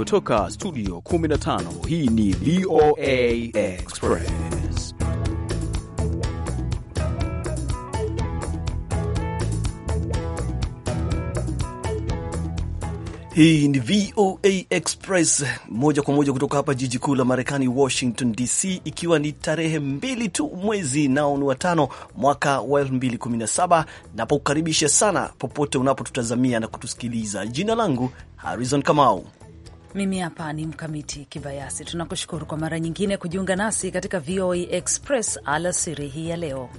kutoka studio 15 hii ni VOA Express. Hii ni VOA Express moja kwa moja kutoka hapa jiji kuu la Marekani, Washington DC, ikiwa ni tarehe mbili tu mwezi nao ni watano mwaka wa 2017. Napokukaribisha sana popote unapotutazamia na kutusikiliza. Jina langu Harrison Kamau mimi hapa ni Mkamiti Kibayasi. Tunakushukuru kwa mara nyingine kujiunga nasi katika VOA e Express alasiri hii ya leo.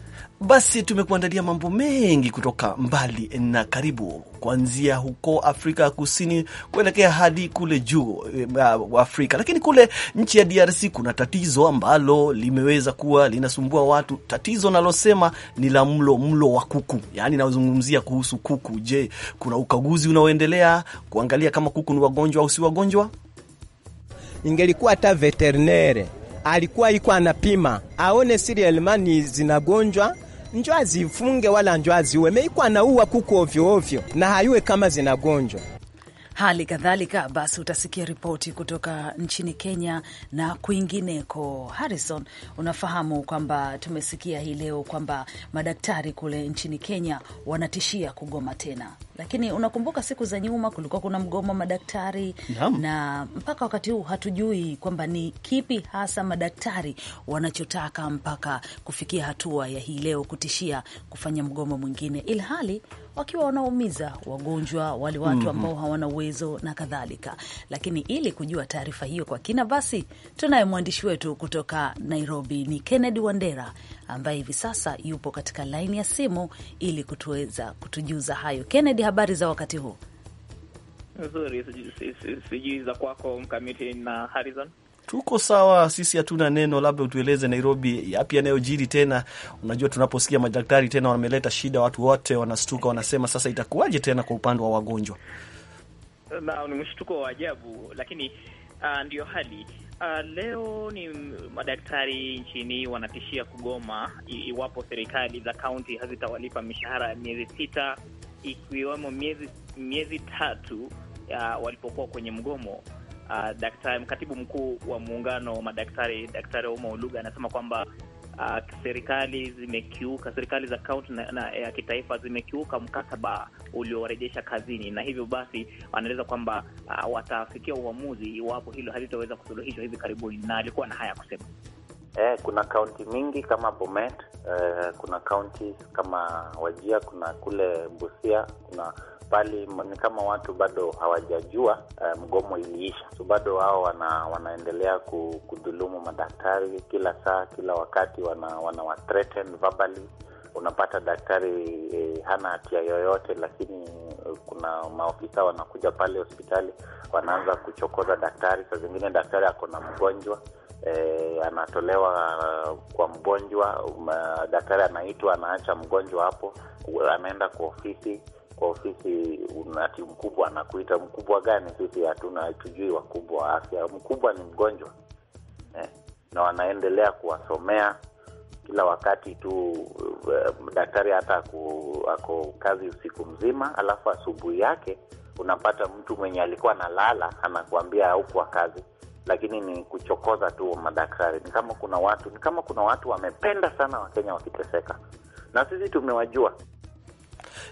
Basi tumekuandalia mambo mengi kutoka mbali na karibu, kuanzia huko Afrika Kusini kuelekea hadi kule juu eh, uh, Afrika. Lakini kule nchi ya DRC kuna tatizo ambalo limeweza kuwa linasumbua watu, tatizo nalosema ni la mlo, mlo wa kuku, yaani nazungumzia kuhusu kuku. Je, kuna ukaguzi unaoendelea kuangalia kama kuku ni wagonjwa au si wagonjwa? Ingelikuwa hata veterinere alikuwa iko anapima aone sirielmani zinagonjwa njwazi ifunge wala njwazi uwe meikwa uwa kuku ovyo ovyo na hayuwe kama zinagonjwa Hali kadhalika basi utasikia ripoti kutoka nchini Kenya na kwingineko. Harrison, unafahamu kwamba tumesikia hii leo kwamba madaktari kule nchini Kenya wanatishia kugoma tena, lakini unakumbuka siku za nyuma kulikuwa kuna mgomo madaktari Naam. na mpaka wakati huu hatujui kwamba ni kipi hasa madaktari wanachotaka mpaka kufikia hatua ya hii leo kutishia kufanya mgomo mwingine, ilhali wakiwa wanaumiza wagonjwa, wale watu mhm. ambao hawana uwezo na kadhalika. Lakini ili kujua taarifa hiyo kwa kina, basi tunaye mwandishi wetu kutoka Nairobi, ni Kennedy Wandera ambaye hivi sasa yupo katika laini ya simu ili kutuweza kutujuza hayo. Kennedy, habari za wakati huu? Nzuri, sijui za kwako Mkamiti na Harrison. Tuko sawa, sisi hatuna neno. Labda utueleze Nairobi, yapi yanayojiri tena? Unajua, tunaposikia madaktari tena wameleta shida, watu wote wanastuka, wanasema sasa itakuwaje tena kwa upande wa wagonjwa? Na ni mshtuko wa ajabu, lakini uh, ah, ndiyo hali Uh, leo ni madaktari nchini wanatishia kugoma iwapo serikali za kaunti hazitawalipa mishahara ya miezi sita ikiwemo miezi miezi tatu uh, walipokuwa kwenye mgomo uh, daktari katibu mkuu wa muungano wa madaktari Daktari Ouma Oluga anasema kwamba uh, serikali zimekiuka, serikali za kaunti na ya kitaifa zimekiuka mkataba uliowarejesha kazini, na hivyo basi wanaeleza kwamba uh, watafikia uamuzi iwapo hilo halitaweza kusuluhishwa hivi karibuni, na alikuwa na haya kusema. Eh, kuna kaunti mingi kama Bomet eh, kuna kaunti kama Wajia, kuna kule Busia, kuna bali ni kama watu bado hawajajua uh, mgomo iliisha, so bado wao wana, wanaendelea kudhulumu madaktari kila saa, kila wakati wana, wana wa verbally. Unapata daktari eh, hana hatia yoyote, lakini eh, kuna maofisa wanakuja pale hospitali wanaanza kuchokoza daktari. Saa zingine daktari ako na mgonjwa eh, anatolewa kwa mgonjwa, daktari anaitwa, anaacha mgonjwa hapo, anaenda kwa ofisi kwa ofisi unati mkubwa anakuita mkubwa gani? Sisi hatuna tujui wakubwa wa afya, mkubwa ni mgonjwa eh, na wanaendelea kuwasomea kila wakati tu. Uh, daktari hata ako kazi usiku mzima, alafu asubuhi yake unapata mtu mwenye alikuwa analala anakuambia haukuwa kazi, lakini ni kuchokoza tu madaktari. Ni kama kuna watu ni kama kuna watu wamependa sana Wakenya wakiteseka, na sisi tumewajua.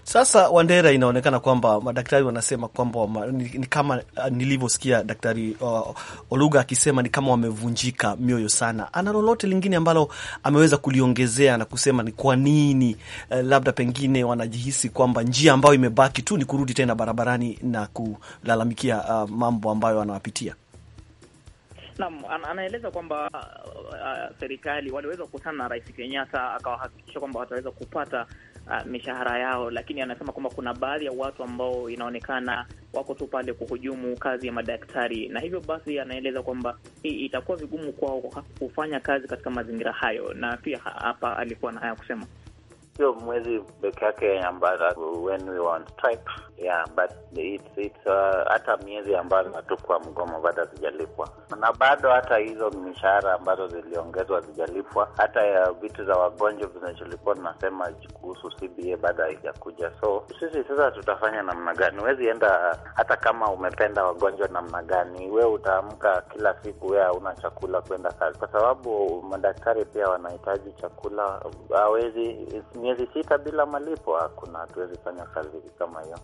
Sasa Wandera, inaonekana kwamba madaktari wanasema kwamba wama, ni, ni kama ah, nilivyosikia daktari uh, Oluga akisema ni kama wamevunjika mioyo sana. Ana lolote lingine ambalo ameweza kuliongezea na kusema ni kwa nini uh, labda pengine wanajihisi kwamba njia ambayo imebaki tu ni kurudi tena barabarani na kulalamikia uh, mambo ambayo wanawapitia. Naam, anaeleza kwamba uh, serikali waliweza kukutana na Rais Kenyatta akawahakikisha kwamba wataweza kupata uh, mishahara yao, lakini anasema kwamba kuna baadhi ya watu ambao inaonekana wako tu pale kuhujumu kazi ya madaktari, na hivyo basi anaeleza kwamba hii itakuwa vigumu kwao kufanya kazi katika mazingira hayo, na pia hapa alikuwa na haya kusema, sio mwezi peke yake ambayo when we want Yeah, but it's, it's, uh, hata miezi ambazo hatukuwa mgomo bado hazijalipwa, na bado hata hizo mishahara ambazo ziliongezwa hazijalipwa, hata ya vitu za wagonjwa vinacholikuwa tunasema kuhusu CBA bado haijakuja. So sisi sasa tutafanya namna gani? Huwezi enda hata kama umependa wagonjwa namna gani, we utaamka kila siku we hauna chakula kwenda kazi, kwa sababu madaktari pia wanahitaji chakula. Hawezi miezi sita bila malipo, hakuna, hatuwezi fanya kazi kama hiyo.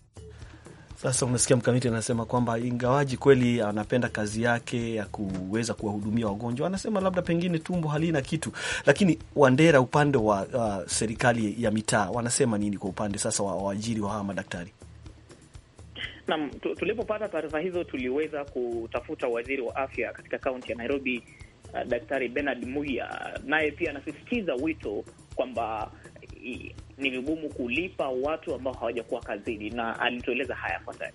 Sasa unasikia mkamiti anasema kwamba ingawaji kweli anapenda kazi yake ya kuweza kuwahudumia wagonjwa, anasema labda pengine tumbo halina kitu, lakini Wandera, upande wa uh, serikali ya mitaa wanasema nini kwa upande sasa wa waajiri wa hawa madaktari? Naam, tulipopata taarifa hizo tuliweza kutafuta waziri wa afya katika kaunti ya Nairobi, uh, Daktari Bernard Muya, naye pia anasisitiza wito kwamba ni vigumu kulipa watu ambao hawajakuwa kazini, na alitueleza haya kwa ndani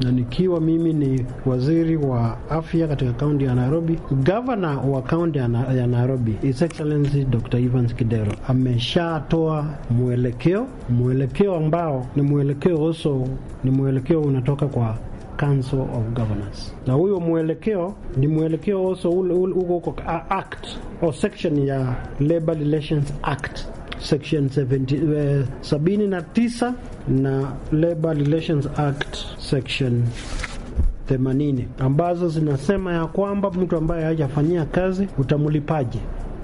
na nikiwa mimi ni waziri wa afya katika kaunti ya Nairobi, gavana wa kaunti ya Nairobi His Excellency Dr. Evans Kidero ameshatoa mwelekeo, mwelekeo ambao ni mwelekeo oso, ni mwelekeo unatoka kwa Council of Governors, na huyo mwelekeo ni mwelekeo oso uko kwa act or section ya Labor Relations Act section 79 eh, na Labor Relations Act section 80 ambazo zinasema ya kwamba mtu ambaye hajafanyia kazi utamlipaje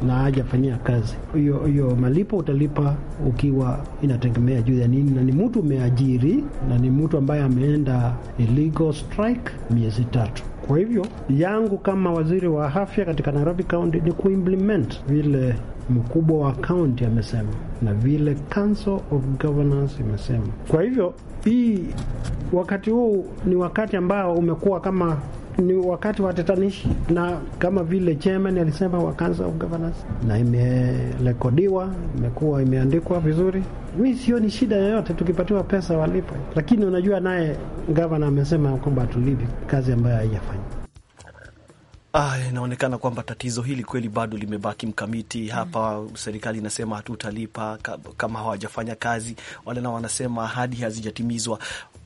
na hajafanyia kazi hiyo hiyo, malipo utalipa ukiwa inategemea juu ya nini, na ni mtu umeajiri na ni mtu ambaye ameenda illegal strike miezi tatu. Kwa hivyo yangu kama waziri wa afya katika Nairobi County ni kuimplement vile mkubwa wa kaunti amesema na vile Council of Governors imesema. Kwa hivyo hii wakati huu ni wakati ambao umekuwa kama ni wakati wa tetanishi, na kama vile chairman alisema wa Council of Governors, na imerekodiwa, imekuwa imeandikwa vizuri. Mi sioni shida yoyote, tukipatiwa pesa walipo lakini unajua, naye gavana amesema kwamba tulivi kazi ambayo haijafanya. Ah, inaonekana kwamba tatizo hili kweli bado limebaki mkamiti hapa. Mm. Serikali inasema hatutalipa kama hawajafanya kazi, wale nao wanasema ahadi hazijatimizwa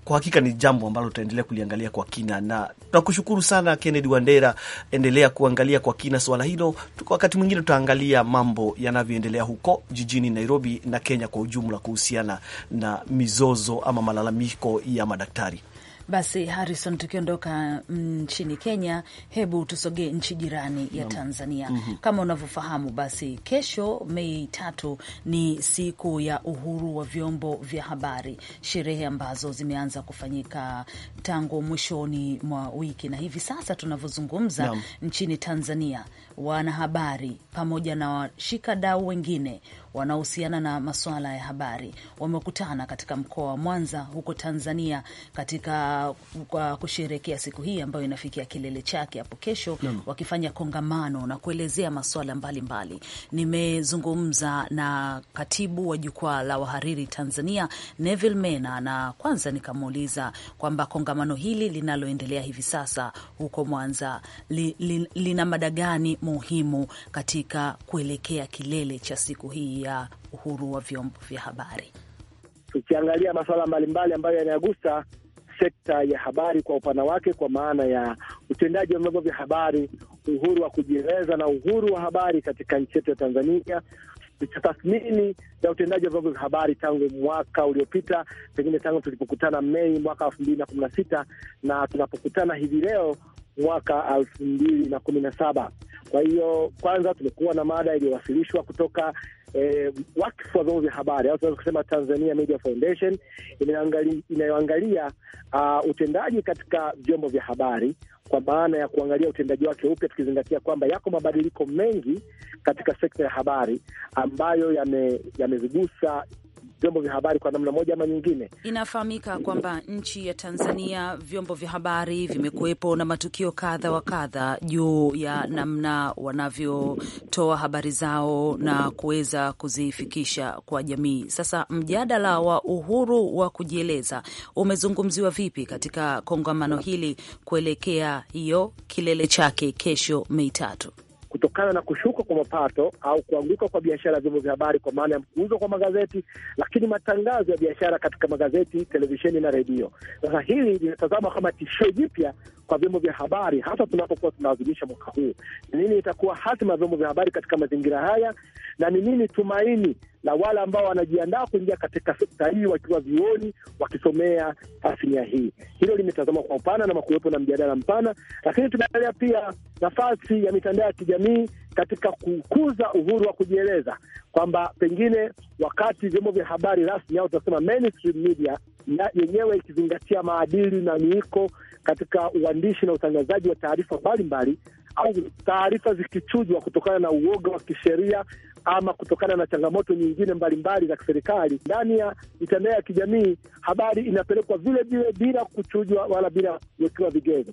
kwa hakika ni jambo ambalo tutaendelea kuliangalia kwa kina, na tunakushukuru sana Kennedy Wandera, endelea kuangalia kwa kina swala hilo. Wakati mwingine tutaangalia mambo yanavyoendelea huko jijini Nairobi na Kenya kwa ujumla kuhusiana na mizozo ama malalamiko ya madaktari. Basi Harrison, tukiondoka mm, nchini mm, Kenya, hebu tusogee nchi jirani ya Tanzania. mm -hmm. Kama unavyofahamu, basi kesho Mei tatu ni siku ya uhuru wa vyombo vya habari, sherehe ambazo zimeanza kufanyika tangu mwishoni mwa wiki, na hivi sasa tunavyozungumza nchini Tanzania wanahabari pamoja na washikadau wengine wanaohusiana na masuala ya habari wamekutana katika mkoa wa Mwanza huko Tanzania katika kwa kusherekea siku hii ambayo inafikia kilele chake hapo kesho no. wakifanya kongamano na kuelezea masuala mbalimbali. Nimezungumza na katibu wa jukwaa la wahariri Tanzania Neville Mena, na kwanza nikamuuliza kwamba kongamano hili linaloendelea hivi sasa huko Mwanza li, li, lina mada gani muhimu katika kuelekea kilele cha siku hii ya uhuru wa vyombo vya habari. Tukiangalia masuala mbalimbali ambayo yanayagusa sekta ya habari kwa upana wake, kwa maana ya utendaji wa vyombo vya habari, uhuru wa kujieleza na uhuru wa habari katika nchi yetu ya Tanzania, tathmini ya utendaji wa vyombo vya habari tangu mwaka uliopita, pengine tangu tulipokutana Mei mwaka elfu mbili na kumi na sita na tunapokutana hivi leo mwaka elfu mbili na kumi na saba. Kwa hiyo kwanza, tumekuwa na mada iliyowasilishwa kutoka eh, wakfu wa vyombo vya habari au tunaweza kusema Tanzania Media Foundation inayoangalia uh, ah, utendaji katika vyombo vya habari kwa maana ya kuangalia utendaji wake upya, tukizingatia kwamba yako mabadiliko mengi katika sekta ya habari ambayo yamezigusa vyombo vya habari kwa namna moja ama nyingine. Inafahamika kwamba nchi ya Tanzania, vyombo vya habari vimekuwepo na matukio kadha wa kadha juu ya namna wanavyotoa habari zao na kuweza kuzifikisha kwa jamii. Sasa mjadala wa uhuru wa kujieleza umezungumziwa vipi katika kongamano hili kuelekea hiyo kilele chake kesho Mei tatu? kutokana na kushuka kwa mapato au kuanguka kwa biashara ya vyombo vya habari kwa maana ya kuuzwa kwa magazeti, lakini matangazo ya biashara katika magazeti, televisheni na redio. Sasa hili linatazama kama tishio jipya kwa vyombo vya habari, hasa tunapokuwa tunaadhimisha mwaka huu. Ni nini itakuwa hatima ya vyombo vya habari katika mazingira haya, na ni nini tumaini la wale ambao wanajiandaa kuingia katika sekta hii wakiwa vioni wakisomea tasnia hii? Hilo limetazamwa kwa upana na makuwepo na mjadala mpana, lakini tumeangalia pia nafasi ya mitandao ya kijamii katika kukuza uhuru wa kujieleza, kwamba pengine wakati vyombo vya habari rasmi au tunasema mainstream media na yenyewe ikizingatia maadili na miiko katika uandishi na utangazaji wa taarifa mbalimbali, au taarifa zikichujwa kutokana na uoga wa kisheria ama kutokana na changamoto nyingine mbalimbali za kiserikali ndani ya mitandao ya kijamii, habari inapelekwa vile vile bila kuchujwa wala bila kuwekewa vigezo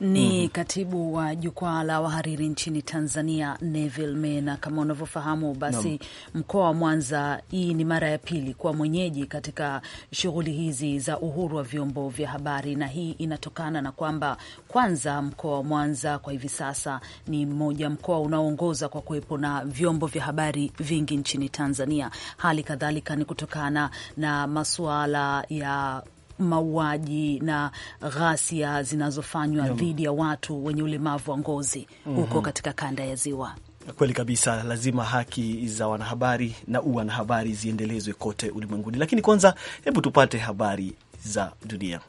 ni mm. katibu wa jukwaa la wahariri nchini Tanzania, Neville Mena. Kama unavyofahamu basi no. mkoa wa Mwanza, hii ni mara ya pili kuwa mwenyeji katika shughuli hizi za uhuru wa vyombo vya habari, na hii inatokana na kwamba kwanza mkoa wa Mwanza kwa hivi sasa ni mmoja mkoa unaoongoza kwa kuwepo na vyombo vya habari vingi nchini Tanzania. Hali kadhalika ni kutokana na masuala ya mauaji na ghasia zinazofanywa dhidi ya watu wenye ulemavu wa ngozi huko mm -hmm. katika kanda ya Ziwa. Kweli kabisa, lazima haki za wanahabari na uwanahabari ziendelezwe kote ulimwenguni, lakini kwanza, hebu tupate habari za dunia.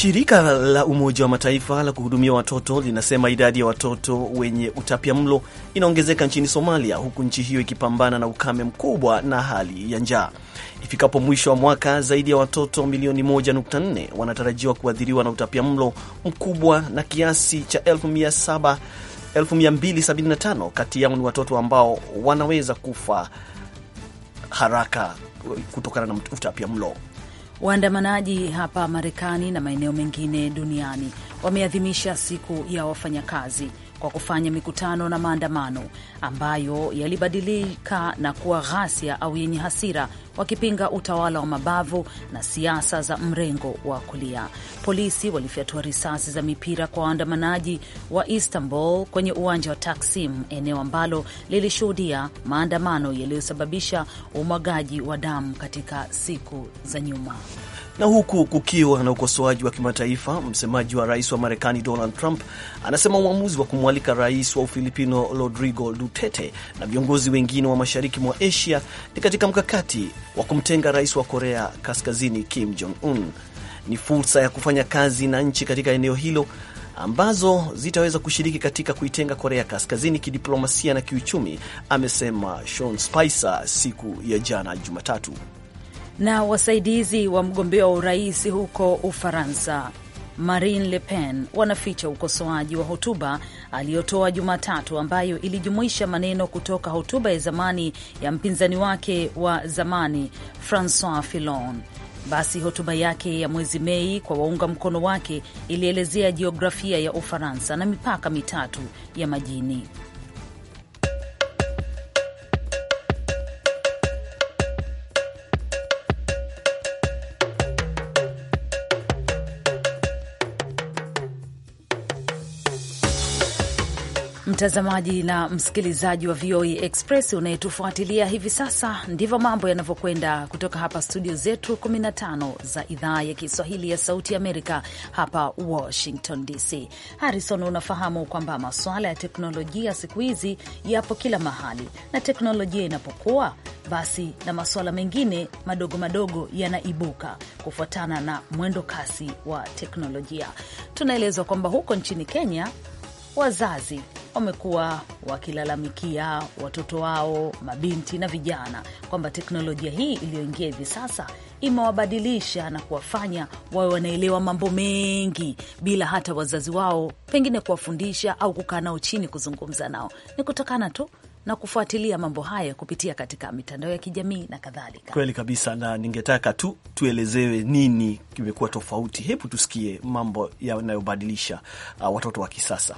Shirika la Umoja wa Mataifa la kuhudumia watoto linasema idadi ya watoto wenye mlo inaongezeka nchini Somalia, huku nchi hiyo ikipambana na ukame mkubwa na hali ya njaa. Ifikapo mwisho wa mwaka, zaidi ya watoto milioni 1.4 wanatarajiwa kuathiriwa na mlo mkubwa na kiasi cha 1275 kati yao ni watoto ambao wanaweza kufa haraka kutokana na mlo Waandamanaji hapa Marekani na maeneo mengine duniani wameadhimisha siku ya wafanyakazi kwa kufanya mikutano na maandamano ambayo yalibadilika na kuwa ghasia au yenye hasira, wakipinga utawala wa mabavu na siasa za mrengo wa kulia. Polisi walifyatua risasi za mipira kwa waandamanaji wa Istanbul kwenye uwanja wa Taksim, eneo ambalo lilishuhudia maandamano yaliyosababisha umwagaji wa damu katika siku za nyuma. Na huku kukiwa na ukosoaji wa kimataifa, msemaji wa rais wa Marekani Donald Trump anasema uamuzi wa kumwalika rais wa Ufilipino Rodrigo Duterte na viongozi wengine wa mashariki mwa Asia ni katika mkakati wa kumtenga rais wa Korea Kaskazini Kim Jong Un. Ni fursa ya kufanya kazi na nchi katika eneo hilo ambazo zitaweza kushiriki katika kuitenga Korea Kaskazini kidiplomasia na kiuchumi, amesema Sean Spicer siku ya jana Jumatatu na wasaidizi wa mgombea wa urais huko Ufaransa Marine Le Pen wanaficha ukosoaji wa hotuba aliyotoa Jumatatu ambayo ilijumuisha maneno kutoka hotuba ya zamani ya mpinzani wake wa zamani Francois Fillon. Basi hotuba yake ya mwezi Mei kwa waunga mkono wake ilielezea jiografia ya Ufaransa na mipaka mitatu ya majini. mtazamaji na msikilizaji wa VOA e Express unayetufuatilia hivi sasa, ndivyo mambo yanavyokwenda kutoka hapa studio zetu 15 za idhaa ya Kiswahili ya Sauti Amerika hapa Washington DC. Harrison, unafahamu kwamba masuala ya teknolojia siku hizi yapo kila mahali, na teknolojia inapokuwa basi na masuala mengine madogo madogo yanaibuka kufuatana na mwendo kasi wa teknolojia. Tunaelezwa kwamba huko nchini Kenya wazazi wamekuwa wakilalamikia watoto wao mabinti na vijana kwamba teknolojia hii iliyoingia hivi sasa imewabadilisha na kuwafanya wawe wanaelewa mambo mengi bila hata wazazi wao pengine kuwafundisha au kukaa nao chini kuzungumza nao. Ni kutokana tu na kufuatilia mambo haya kupitia katika mitandao ya kijamii na kadhalika. Kweli kabisa, na ningetaka tu tuelezewe nini kimekuwa tofauti. Hebu tusikie mambo yanayobadilisha uh, watoto wa kisasa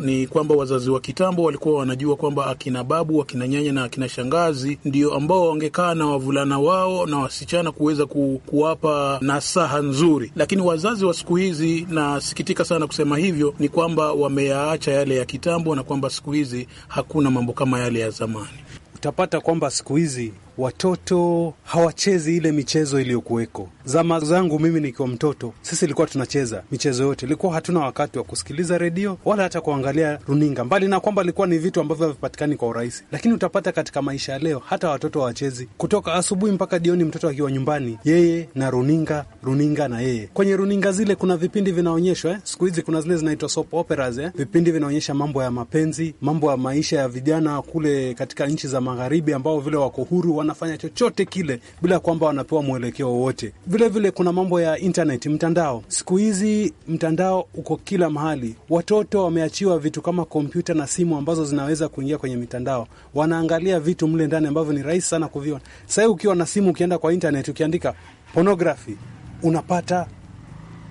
ni kwamba wazazi wa kitambo walikuwa wanajua kwamba akina babu, akina nyanya na akina shangazi ndio ambao wangekaa na wavulana wao na wasichana kuweza ku, kuwapa nasaha nzuri, lakini wazazi wa siku hizi, nasikitika sana kusema hivyo, ni kwamba wameyaacha yale ya kitambo na kwamba siku hizi hakuna mambo kama yale ya zamani. Utapata kwamba siku hizi watoto hawachezi ile michezo iliyokuweko. Zama zangu mimi nikiwa mtoto, sisi ilikuwa tunacheza michezo yote, ilikuwa hatuna wakati wa kusikiliza redio wala hata kuangalia runinga, mbali na kwamba ilikuwa ni vitu ambavyo havipatikani kwa urahisi. Lakini utapata katika maisha ya leo hata watoto hawachezi, kutoka asubuhi mpaka jioni, mtoto akiwa nyumbani, yeye na runinga, runinga na yeye. Kwenye runinga zile kuna vipindi vinaonyeshwa eh? Siku hizi kuna zile zinaitwa soap operas eh? Vipindi vinaonyesha mambo ya mapenzi, mambo ya maisha ya vijana kule katika nchi za magharibi ambao vile wako huru wanafanya chochote kile bila kwamba wanapewa mwelekeo wowote. Vilevile kuna mambo ya intaneti mtandao. Siku hizi mtandao uko kila mahali. Watoto wameachiwa vitu kama kompyuta na simu ambazo zinaweza kuingia kwenye mitandao, wanaangalia vitu mle ndani ambavyo ni rahisi sana kuviona. Sahii ukiwa na simu, ukienda kwa internet, ukiandika ponografi, unapata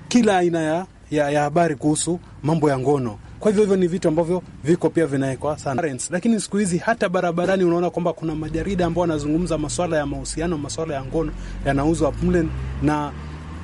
kila aina ya, ya, ya habari kuhusu mambo ya ngono kwa hivyo hivyo ni vitu ambavyo viko pia vinawekwa sana, lakini siku hizi hata barabarani unaona kwamba kuna majarida ambao wanazungumza maswala ya mahusiano, maswala ya ngono yanauzwa mle na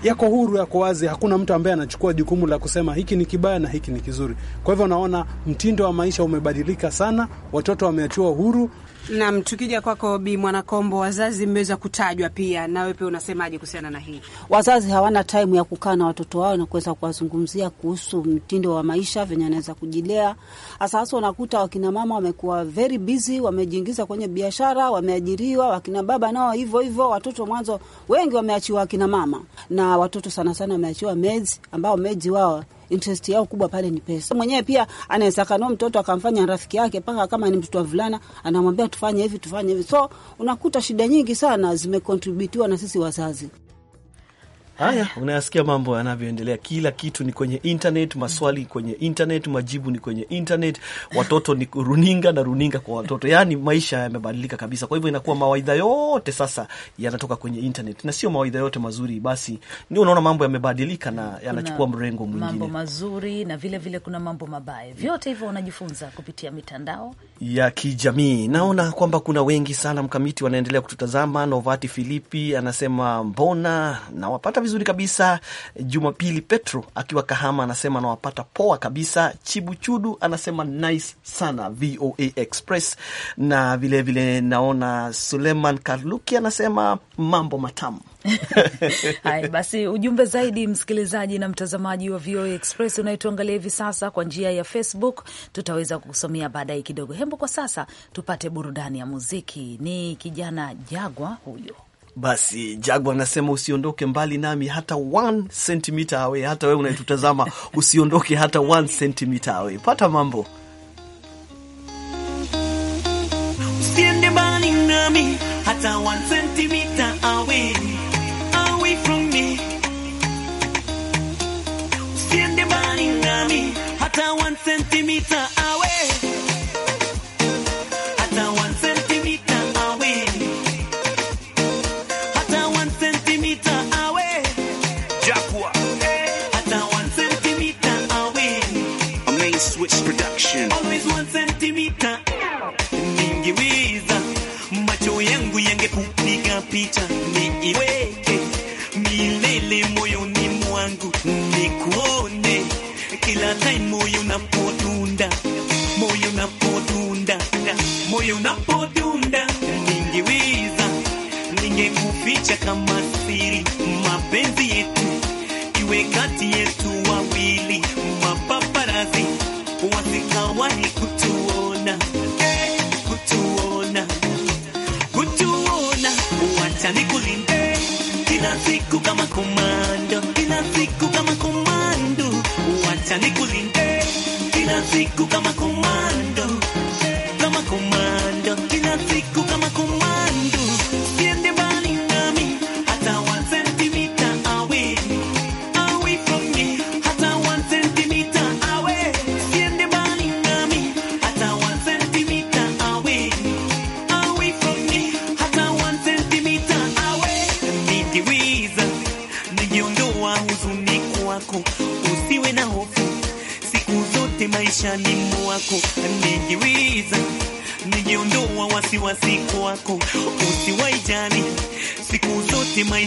yako huru, yako wazi. Hakuna mtu ambaye anachukua jukumu la kusema hiki ni kibaya na hiki ni kizuri. Kwa hivyo, naona mtindo wa maisha umebadilika sana, watoto wameachiwa huru. Nam, tukija kwako Bi Mwanakombo, wazazi mmeweza kutajwa pia, nawe pia unasemaje kuhusiana na hii? Wazazi hawana taimu ya kukaa na watoto wao na kuweza kuwazungumzia kuhusu mtindo wa maisha, venye anaweza kujilea. Hasa hasa unakuta wakina mama wamekuwa very busy, wamejiingiza kwenye biashara, wameajiriwa. Wakina baba nao hivyo hivyo, watoto mwanzo wengi wameachiwa wakina mama na watoto sana sana wameachiwa mezi ambao mezi wao interest yao kubwa pale ni pesa. Mwenyewe pia anaweza kanao mtoto akamfanya rafiki yake, mpaka kama ni mtoto wa vulana, anamwambia tufanye hivi tufanye hivi. So unakuta shida nyingi sana zimekontributiwa na sisi wazazi. Haya, unayasikia mambo yanavyoendelea, kila kitu ni kwenye internet, maswali kwenye internet, majibu ni kwenye internet, watoto ni runinga na runinga kwa watoto. Yaani maisha yamebadilika kabisa. Kwa hivyo inakuwa mawaidha yote sasa yanatoka kwenye internet na sio mawaidha yote mazuri. Basi ndio unaona mambo yamebadilika na yanachukua mrengo mwingine, mambo mazuri na vile vile kuna mambo mabaya, vyote hivyo unajifunza kupitia mitandao ya kijamii. Naona kwamba kuna wengi sana mkamiti wanaendelea kututazama. Novati Filipi anasema mbona nawapata vizuri kabisa. Jumapili Petro akiwa Kahama anasema anawapata poa kabisa. Chibuchudu anasema nice sana VOA Express, na vilevile vile naona Suleiman Karluki anasema mambo matamu. Hai, basi ujumbe zaidi msikilizaji na mtazamaji wa VOA Express unayetuangalia hivi sasa kwa njia ya Facebook tutaweza kukusomea baadaye kidogo. Hembo, kwa sasa tupate burudani ya muziki. Ni kijana Jagwa huyo. Basi Jagwa anasema usiondoke mbali nami hata 1 cm awe, hata wewe unayetutazama usiondoke hata 1 cm awe, pata mambo usiende mbali nami hata 1 cm away from me, usiende mbali nami hata 1 cm aku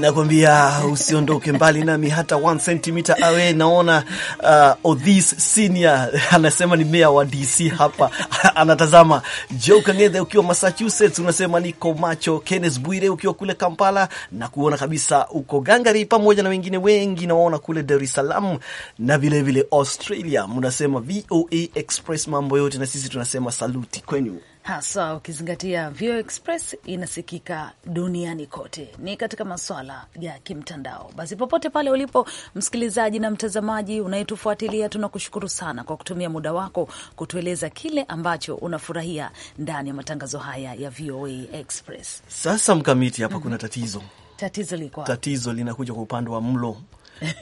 nakwambia usiondoke mbali nami hata 1 cm awe. Naona uh, Odhis Senior anasema ni mayor wa DC hapa anatazama. Joe Kang'ethe ukiwa Massachusetts unasema niko macho. Kenneth Bwire ukiwa kule Kampala na kuona kabisa uko gangari, pamoja na wengine wengi nawaona kule Dar es Salaam na vilevile Australia, mnasema VOA Express mambo yote, na sisi tunasema saluti kwenu hasa ukizingatia VOA Express inasikika duniani kote, ni katika maswala ya kimtandao. Basi popote pale ulipo, msikilizaji na mtazamaji unayetufuatilia, tunakushukuru sana kwa kutumia muda wako kutueleza kile ambacho unafurahia ndani ya matangazo haya ya VOA Express. Sasa Mkamiti, hapa mm -hmm. kuna tatizo. Tatizo tatizo linakuja kwa upande wa mlo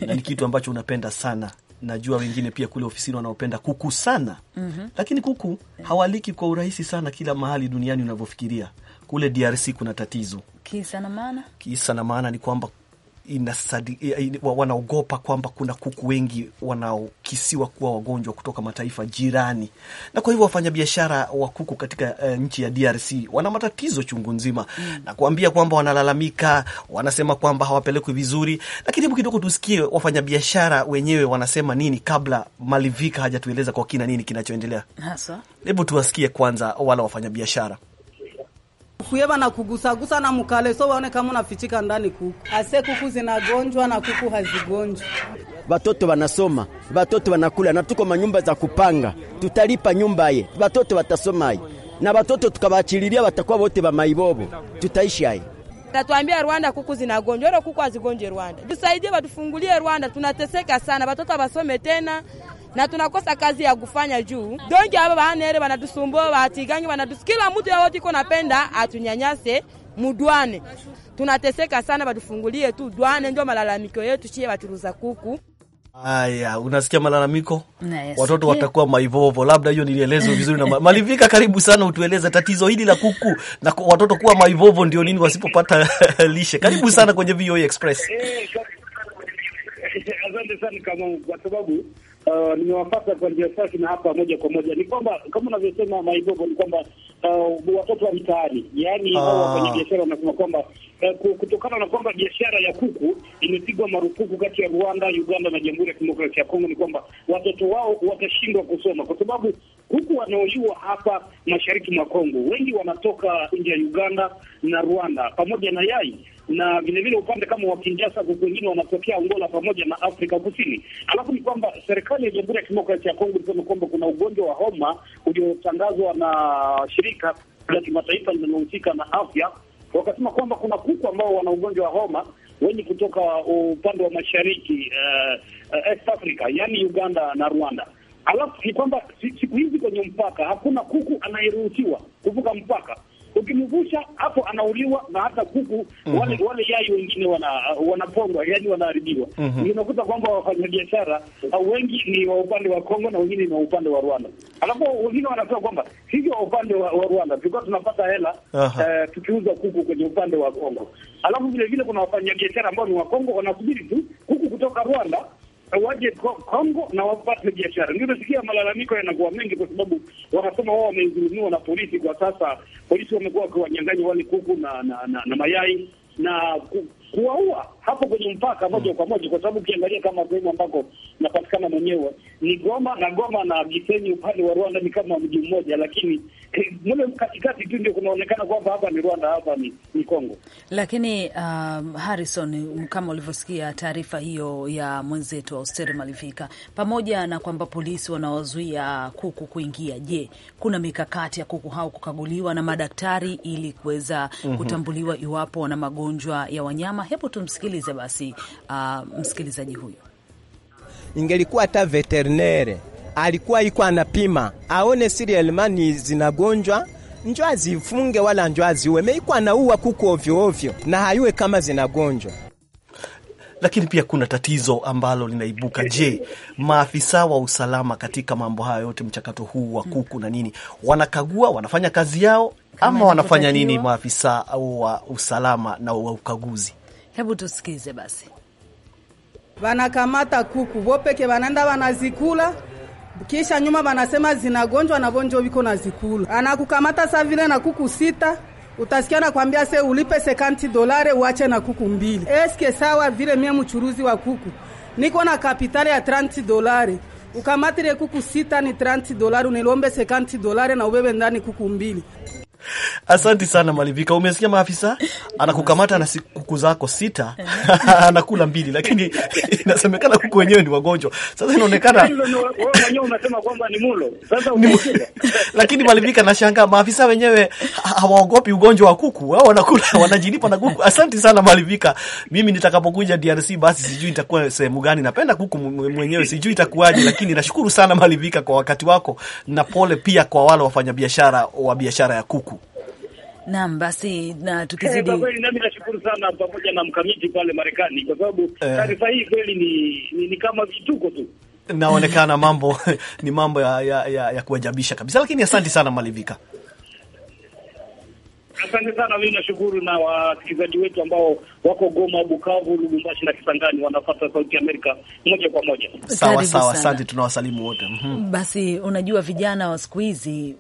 na ni kitu ambacho unapenda sana najua wengine pia kule ofisini wanaopenda kuku sana mm -hmm. Lakini kuku eh. hawaliki kwa urahisi sana kila mahali duniani unavyofikiria. Kule DRC kuna tatizo. Kisa na maana, ni kwamba inasadi, wanaogopa kwamba kuna kuku wengi wanaokisiwa kuwa wagonjwa kutoka mataifa jirani, na kwa hivyo wafanyabiashara wa kuku katika uh, nchi ya DRC wana matatizo chungu nzima mm. na kuambia kwamba wanalalamika, wanasema kwamba hawapelekwi vizuri, lakini hebu kidogo tusikie wafanyabiashara wenyewe wanasema nini, kabla Malivika hajatueleza kwa kina nini kinachoendelea Hebu tuwasikie kwanza wala wafanyabiashara kuyeba na kugusagusa na mukale so waone kama unafichika ndani kuku ase kuku zinagonjwa na kuku hazigonjwa. Watoto wanasoma, watoto wanakula, na tuko manyumba za kupanga, tutalipa nyumba ye, watoto watasoma ye, na watoto tukawachililia, watakuwa wote ba maibobo, tutaishi hai Natuambia Rwanda kuku zinagonjwa, ero kuku hazigonje Rwanda. Tusaidie, watufungulie Rwanda, tunateseka sana, watoto wasome tena na tunakosa kazi ya kufanya juu donge hapa vahanere vanatusumbua vaatigangi vanatusi kila mtu yao tiko napenda atunyanyase mudwane. Tunateseka sana, batufungulie tu dwane, ndio malalamiko yetu chie baturuza kuku Aya, unasikia malalamiko yes. Watoto watakuwa maivovo, labda hiyo nilielezo vizuri na Malivika. Karibu sana, utueleze tatizo hili la kuku na watoto kuwa maivovo ndio nini wasipopata lishe. Karibu sana kwenye VOA e eh, e Express. Asante sana kama kwa sababu Uh, nimewapata kwa njia safi na hapa moja kwa moja ni kwamba kama unavyosema Maigogo ni kwamba uh, watoto wa mtaani, yaani hao ah. wafanyabiashara wanasema kwamba Eh, kutokana na kwamba biashara ya kuku imepigwa marufuku kati ya Rwanda, Uganda na Jamhuri ya Kidemokrasia ya Kongo, ni kwamba watoto wao watashindwa kusoma, kwa sababu kuku wanaoliwa hapa mashariki mwa Kongo wengi wanatoka nje ya Uganda na Rwanda pamoja na yai na vilevile upande kama wa Kinshasa kuku wengine wanatokea Angola pamoja na Afrika Kusini. Alafu ni kwamba serikali ya Jamhuri ya Kidemokrasia ya Kongo ilisema kwamba kuna ugonjwa wa homa uliotangazwa na shirika la kimataifa linalohusika na afya wakasema kwamba kuna kuku ambao wana ugonjwa wa homa wengi kutoka upande wa mashariki uh, uh, East Africa, yaani Uganda na Rwanda. Alafu ni kwamba siku hizi kwenye mpaka hakuna kuku anayeruhusiwa kuvuka mpaka ukimgusha hapo anauliwa, na hata kuku mhm. wale mm -hmm. wale yai wengine wana wanapongwa, yaani wanaharibiwa. mm -hmm. Unakuta kwamba wafanyabiashara wengi ni wa upande wa Kongo na wengine ni wa upande wa Rwanda, alafu wengine wanasema kwamba sivyo wa upande wa, wa Rwanda tulikuwa tunapata hela eh, tukiuza kuku kwenye upande wa Kongo, alafu vile vile kuna wafanyabiashara ambao ni wa Kongo wanasubiri tu kuku kutoka Rwanda waje Kongo na wapate biashara. Ndio nasikia malalamiko yanakuwa mengi, kwa sababu wanasema wao wamezulumiwa na polisi. Kwa sasa polisi wamekuwa wakiwanyanganya wale kuku na, na, na, na mayai na ku, kuwaua hapo kwenye mpaka moja kwa moja, kwa sababu ukiangalia kama sehemu ambako na wanapatikana mwenyewe ni Goma na Goma na Gisenyi upande wa Rwanda ni kama mji mmoja, lakini eh, mule katikati tu ndio kunaonekana kwamba hapa ni Rwanda, hapa ni, ni Kongo. Lakini um, Harrison, um, kama ulivyosikia taarifa hiyo ya mwenzetu Austeri Malivika, pamoja na kwamba polisi wanawazuia kuku kuingia, je, kuna mikakati ya kuku hao kukaguliwa na madaktari ili kuweza mhm. kutambuliwa iwapo wana magonjwa ya wanyama? Hebu tumsikilize basi, uh, msikilizaji huyu ingelikuwa hata veterinere alikuwa iko anapima aone mani zinagonjwa njo azifunge wala njo aziuwe meiko anauwa kuku ovyoovyo na hayuwe kama zinagonjwa lakini pia kuna tatizo ambalo linaibuka. Je, maafisa wa usalama katika mambo hayo yote, mchakato huu wa kuku na nini, wanakagua wanafanya kazi yao ama wanafanya nini maafisa wa usalama na wa ukaguzi? Hebu tusikize basi wanakamata kuku wopeke, wanaenda wanazikula kisha nyuma wanasema zinagonjwa na vonjo viko na zikula. Anakukamata saa vile na kuku sita, utasikia nakwambia se ulipe sekanti dolare uache na kuku mbili. Eske sawa? Vile mie mchuruzi wa kuku niko na kapitali ya 30 dolare, ukamatire kuku sita ni 30 dolare, unilombe sekanti dolare na ubebe ndani kuku mbili. Asanti sana Malivika, umesikia maafisa anakukamata na kuku zako sita eh. anakula mbili, lakini inasemekana kuku wenyewe ni wagonjwa. Sasa inaonekana lakini Malivika, nashangaa maafisa wenyewe hawaogopi ugonjwa wa kuku, wao wanakula wanajilipa na kuku. Asanti sana Malivika, mimi nitakapokuja DRC basi sijui itakuwa sehemu gani. Napenda kuku mwenyewe, sijui itakuwaje, lakini nashukuru sana Malivika kwa wakati wako na pole pia kwa wale wafanyabiashara wa biashara ya kuku. Naam, basi na eh, tukizidi, kwa kweli nami nashukuru sana pamoja na mkamiti pale Marekani, kwa sababu eh. taarifa hii kweli ni, ni, ni kama vituko tu naonekana mambo ni mambo ya, ya, ya, ya kuajabisha kabisa, lakini asante sana Malivika. Asante sana. Mimi nashukuru na wasikilizaji wetu ambao wako Goma, Bukavu, Lubumbashi na Kisangani wanafata Sauti ya Amerika moja kwa moja. Sawa sawa, asante, tunawasalimu wote. Mm-hmm. Basi unajua vijana wa siku hizi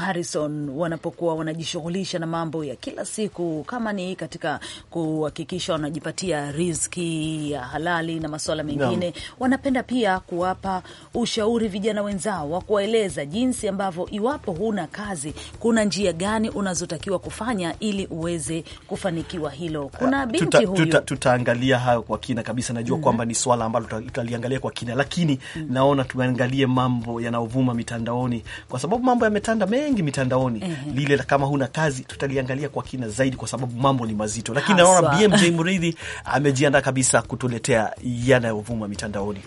Harrison, wanapokuwa wanajishughulisha na mambo ya kila siku, kama ni katika kuhakikisha wanajipatia riziki ya halali na masuala mengine no. wanapenda pia kuwapa ushauri vijana wenzao wa kuwaeleza jinsi ambavyo, iwapo huna kazi, kuna njia gani unazotakiwa kufanya kufanya ili uweze kufanikiwa hilo. Eh, Kuna binti tuta, huyu tuta, tutaangalia hayo kwa kina kabisa. Najua mm -hmm. kwamba ni swala ambalo tutaliangalia kwa kina, lakini mm -hmm. naona tuangalie mambo yanayovuma mitandaoni, kwa sababu mambo yametanda mengi mitandaoni mm -hmm. lile kama huna kazi tutaliangalia kwa kina zaidi, kwa sababu mambo ni mazito, lakini naona BMJ Mridhi amejiandaa kabisa kutuletea yanayovuma mitandaoni.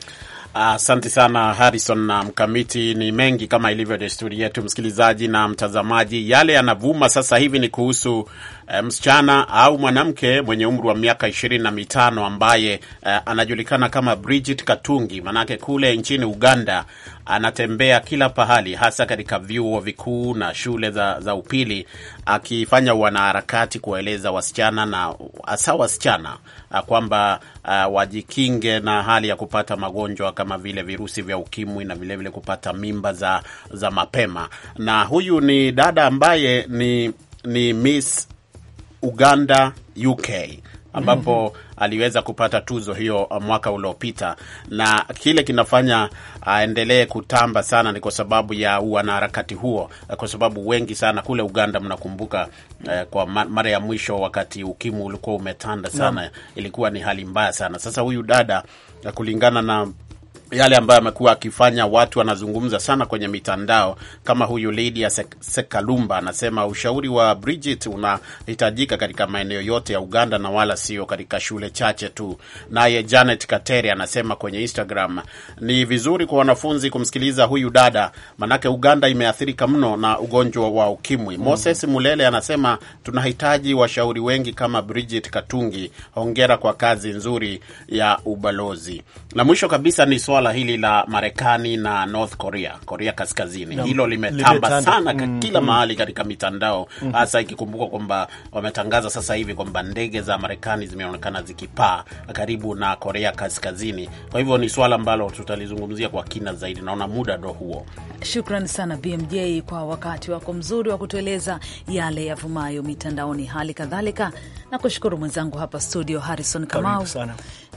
Asante uh, sana Harrison na Mkamiti. Ni mengi kama ilivyo desturi yetu, msikilizaji na mtazamaji. Yale yanavuma sasa hivi ni kuhusu Eh, msichana au mwanamke mwenye umri wa miaka ishirini na mitano ambaye eh, anajulikana kama Bridget Katungi, manake kule nchini Uganda anatembea kila pahali, hasa katika vyuo vikuu na shule za, za upili akifanya wanaharakati kuwaeleza wasichana na hasa wasichana eh, kwamba uh, wajikinge na hali ya kupata magonjwa kama vile virusi vya ukimwi na vilevile vile kupata mimba za, za mapema. Na huyu ni dada ambaye ni ni Miss Uganda, UK ambapo mm -hmm. aliweza kupata tuzo hiyo uh, mwaka uliopita, na kile kinafanya uh, aendelee kutamba sana ni kwa sababu ya wanaharakati huo, uh, kwa sababu wengi sana kule Uganda, mnakumbuka eh, kwa mara ya mwisho wakati ukimwi ulikuwa umetanda sana mm ilikuwa ni hali mbaya sana. Sasa huyu dada kulingana na yale ambayo amekuwa akifanya, watu wanazungumza sana kwenye mitandao, kama huyu Lydia Sekalumba anasema ushauri wa Bridget unahitajika katika maeneo yote ya Uganda na wala sio katika shule chache tu. Naye Janet Kateri anasema kwenye Instagram, ni vizuri kwa wanafunzi kumsikiliza huyu dada, manake Uganda imeathirika mno na ugonjwa wa ukimwi. Mm. Moses Mulele anasema tunahitaji washauri wengi kama Bridget Katungi, hongera kwa kazi nzuri ya ubalozi. Na mwisho kabisa ni swa swala hili la Marekani na North Korea, Korea Kaskazini no, hilo limetamba sana mm, kila mm. mahali katika mitandao mm. hasa mm, ikikumbuka kwamba wametangaza sasa hivi kwamba ndege za Marekani zimeonekana zikipaa karibu na Korea Kaskazini. Kwa hivyo ni swala ambalo tutalizungumzia kwa kina zaidi, naona muda ndo huo. Shukran sana BMJ kwa wakati wako mzuri wa kutueleza yale yavumayo mitandaoni, hali kadhalika na kushukuru mwenzangu hapa studio Harrison Kamau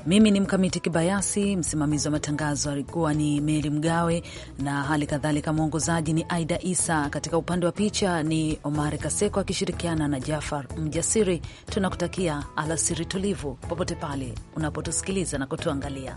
mimi ni Mkamiti Kibayasi, msimamizi wa matangazo alikuwa ni Meri Mgawe na hali kadhalika mwongozaji ni Aida Isa. Katika upande wa picha ni Omar Kaseko akishirikiana na Jafar Mjasiri. Tunakutakia alasiri tulivu popote pale unapotusikiliza na kutuangalia.